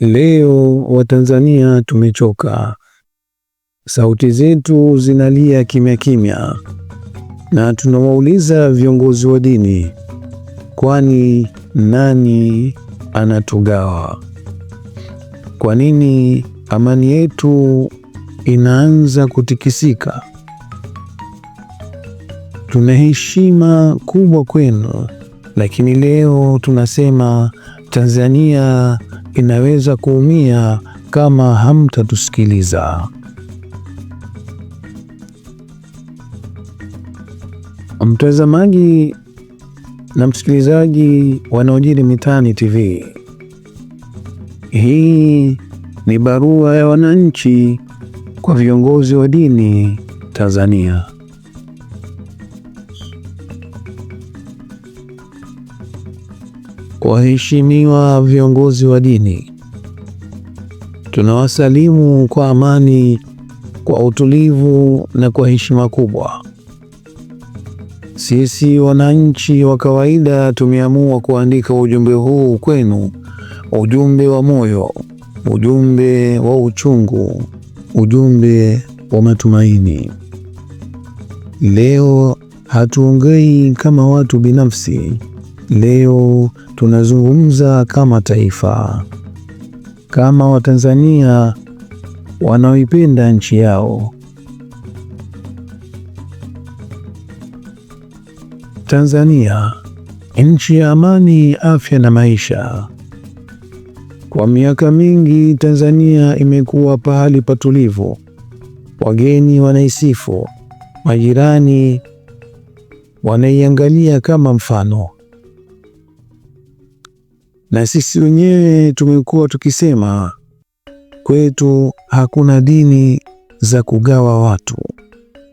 Leo Watanzania tumechoka, sauti zetu zinalia kimya kimya, na tunawauliza viongozi wa dini, kwani nani anatugawa? Kwa nini amani yetu inaanza kutikisika? Tuna heshima kubwa kwenu, lakini leo tunasema Tanzania inaweza kuumia kama hamtatusikiliza. Mtazamaji na msikilizaji wanaojiri mitaani TV, hii ni barua ya wananchi kwa viongozi wa dini Tanzania. Waheshimiwa viongozi wa dini, tunawasalimu kwa amani, kwa utulivu na kwa heshima kubwa. Sisi wananchi wa kawaida tumeamua kuandika ujumbe huu kwenu, ujumbe wa moyo, ujumbe wa uchungu, ujumbe wa matumaini. Leo hatuongei kama watu binafsi Leo tunazungumza kama taifa, kama Watanzania wanaoipenda nchi yao. Tanzania, nchi ya amani, afya na maisha. Kwa miaka mingi, Tanzania imekuwa pahali patulivu, wageni wanaisifu, majirani wanaiangalia kama mfano na sisi wenyewe tumekuwa tukisema kwetu hakuna dini za kugawa watu,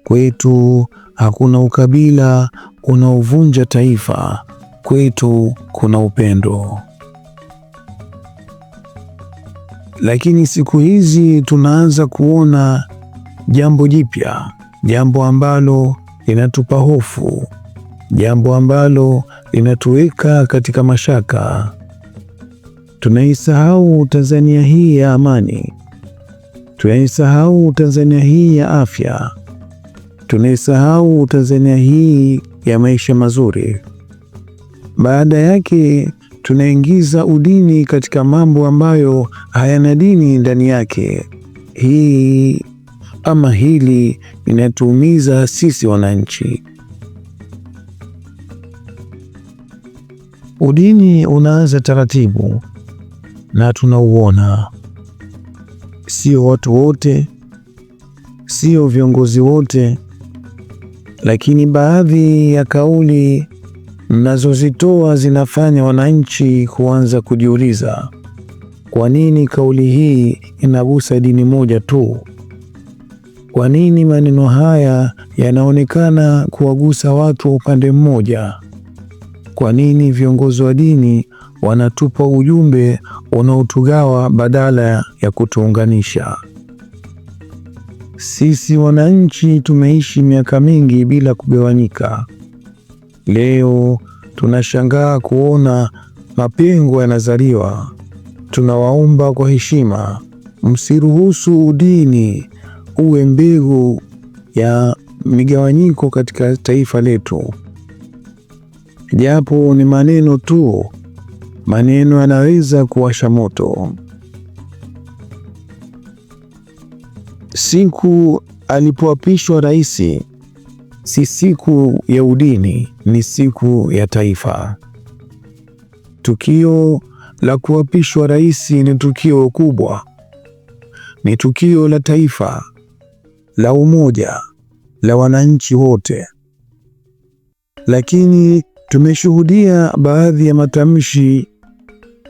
kwetu hakuna ukabila unaovunja taifa, kwetu kuna upendo. Lakini siku hizi tunaanza kuona jambo jipya, jambo ambalo linatupa hofu, jambo ambalo linatuweka katika mashaka. Tunaisahau Tanzania hii ya amani, tunaisahau Tanzania hii ya afya, tunaisahau Tanzania hii ya maisha mazuri. Baada yake tunaingiza udini katika mambo ambayo hayana dini ndani yake. Hii ama hili inatuumiza sisi wananchi. Udini unaanza taratibu na tunauona. Sio watu wote, sio viongozi wote, lakini baadhi ya kauli mnazozitoa zinafanya wananchi kuanza kujiuliza, kwa nini kauli hii inagusa dini moja tu? Kwa nini maneno haya yanaonekana kuwagusa watu wa upande mmoja? Kwa nini viongozi wa dini wanatupa ujumbe unaotugawa badala ya kutuunganisha. Sisi wananchi tumeishi miaka mingi bila kugawanyika. Leo tunashangaa kuona mapengo yanazaliwa. Tunawaomba kwa heshima, msiruhusu udini uwe mbegu ya migawanyiko katika taifa letu. Japo ni maneno tu, Maneno yanaweza kuwasha moto. Siku alipoapishwa rais si siku ya udini, ni siku ya taifa. Tukio la kuapishwa rais ni tukio kubwa, ni tukio la taifa, la umoja, la wananchi wote. Lakini tumeshuhudia baadhi ya matamshi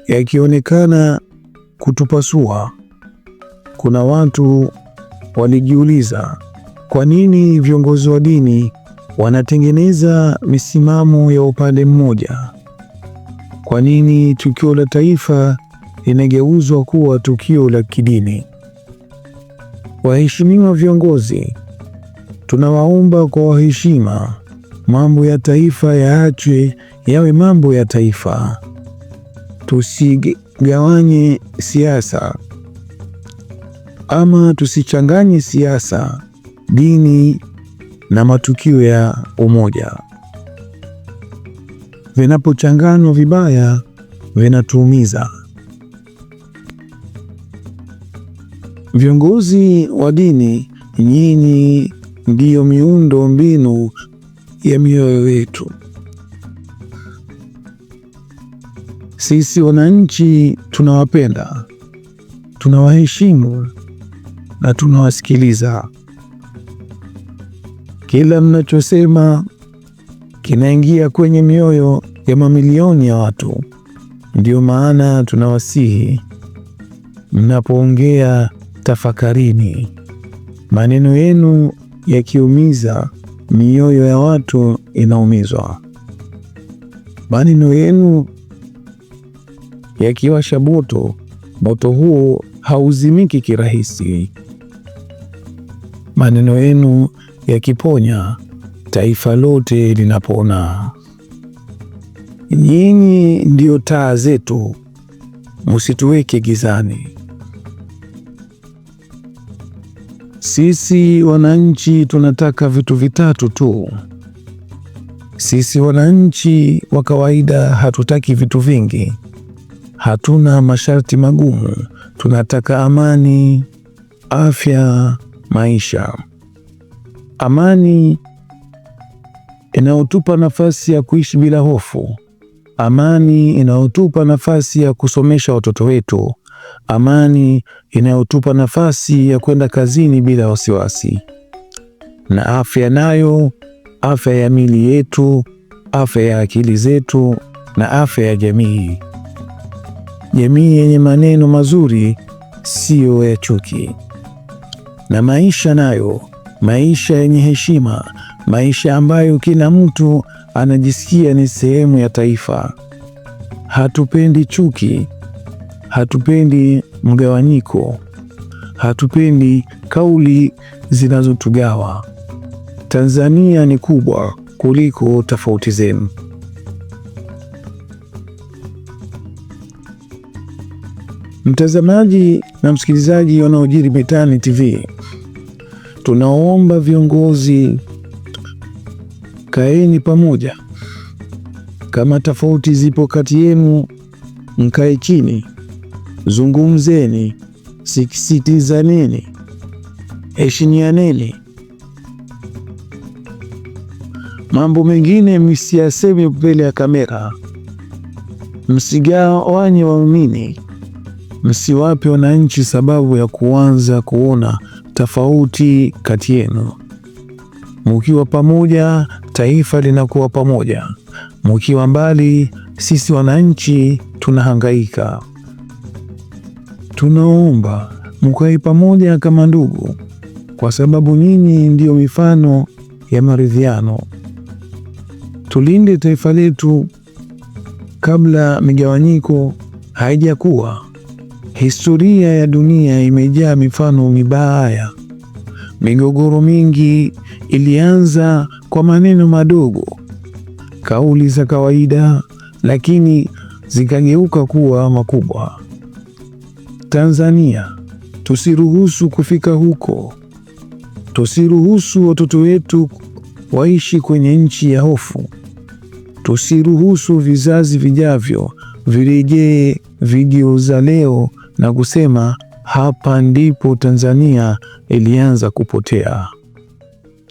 yakionekana kutupasua. Kuna watu walijiuliza kwa nini viongozi wa dini wanatengeneza misimamo ya upande mmoja? Kwa nini tukio la taifa linageuzwa kuwa tukio la kidini? Waheshimiwa viongozi, tunawaomba kwa waheshima mambo ya taifa yaachwe yawe mambo ya taifa, tusigawanye siasa ama tusichanganye siasa, dini na matukio ya umoja. Vinapochanganywa vibaya, vinatuumiza. Viongozi wa dini, nyinyi ndiyo miundo mbinu ya mioyo yetu. Sisi wananchi tunawapenda, tunawaheshimu na tunawasikiliza. Kila mnachosema kinaingia kwenye mioyo ya mamilioni ya watu. ndio maana tunawasihi, mnapoongea tafakarini. Maneno yenu yakiumiza, mioyo ya watu inaumizwa. Maneno yenu yakiwasha moto, moto huo hauzimiki kirahisi. Maneno yenu yakiponya, taifa lote linapona. Nyinyi ndiyo taa zetu, musituweke gizani. Sisi wananchi tunataka vitu vitatu tu. Sisi wananchi wa kawaida hatutaki vitu vingi. Hatuna masharti magumu, tunataka amani, afya, maisha. Amani inayotupa nafasi ya kuishi bila hofu, amani inayotupa nafasi ya kusomesha watoto wetu, amani inayotupa nafasi ya kwenda kazini bila wasiwasi, na afya nayo, afya ya mili yetu, afya ya akili zetu na afya ya jamii. Jamii yenye maneno mazuri siyo ya chuki, na maisha nayo, maisha yenye heshima, maisha ambayo kila mtu anajisikia ni sehemu ya taifa. Hatupendi chuki, hatupendi mgawanyiko, hatupendi kauli zinazotugawa. Tanzania ni kubwa kuliko tofauti zenu. Mtazamaji na msikilizaji yanayojiri mitaani TV, tunaomba viongozi, kaeni pamoja. Kama tofauti zipo kati yenu, mkae chini, zungumzeni, sikisitizaneni, heshimianeni. Mambo mengine msiyaseme mbele ya kamera, msigawanye waumini msiwape wananchi sababu ya kuanza kuona tofauti kati yenu. mkiwa pamoja, taifa linakuwa pamoja. Mukiwa mbali, sisi wananchi tunahangaika. Tunaomba mkae pamoja kama ndugu, kwa sababu nyinyi ndiyo mifano ya maridhiano. Tulinde taifa letu kabla migawanyiko haijakuwa Historia ya dunia imejaa mifano mibaya. Migogoro mingi ilianza kwa maneno madogo, kauli za kawaida, lakini zikageuka kuwa makubwa. Tanzania, tusiruhusu kufika huko. Tusiruhusu watoto wetu waishi kwenye nchi ya hofu. Tusiruhusu vizazi vijavyo virejee video za leo na kusema hapa ndipo Tanzania ilianza kupotea.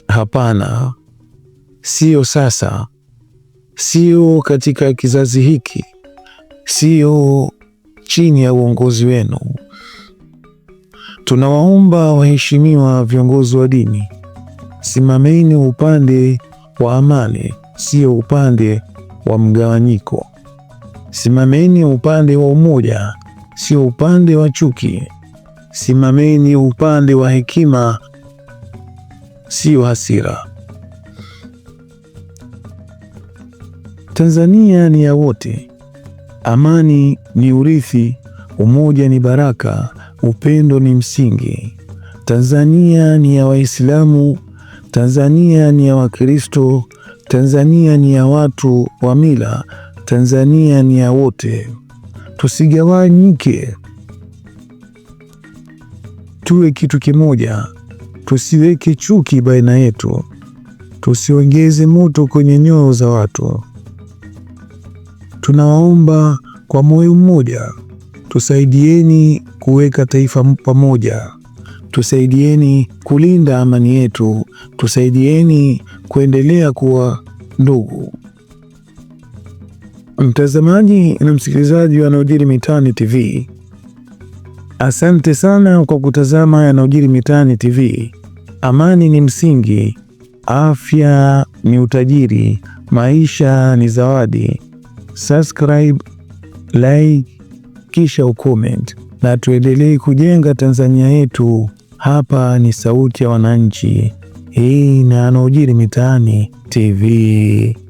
Hapana, sio sasa, sio katika kizazi hiki, sio chini ya uongozi wenu. Tunawaomba waheshimiwa viongozi wa dini, simameni upande wa amani, sio upande wa mgawanyiko. Simameni upande wa umoja sio upande wa chuki. Simameni upande wa hekima, sio hasira. Tanzania ni ya wote. Amani ni urithi, umoja ni baraka, upendo ni msingi. Tanzania ni ya Waislamu, Tanzania ni ya Wakristo, Tanzania ni ya watu wa mila, Tanzania ni ya wote tusigawanyike, tuwe kitu kimoja, tusiweke chuki baina yetu, tusiongeze moto kwenye nyoyo za watu. Tunawaomba kwa moyo mmoja, tusaidieni kuweka taifa pamoja, tusaidieni kulinda amani yetu, tusaidieni kuendelea kuwa ndugu. Mtazamaji na msikilizaji wa yanayojiri mitaani TV, asante sana kwa kutazama yanayojiri mitaani TV. Amani ni msingi, afya ni utajiri, maisha ni zawadi. Subscribe, like, kisha ucomment na tuendelee kujenga Tanzania yetu. Hapa ni sauti ya wananchi. Hii ni yanayojiri mitaani TV.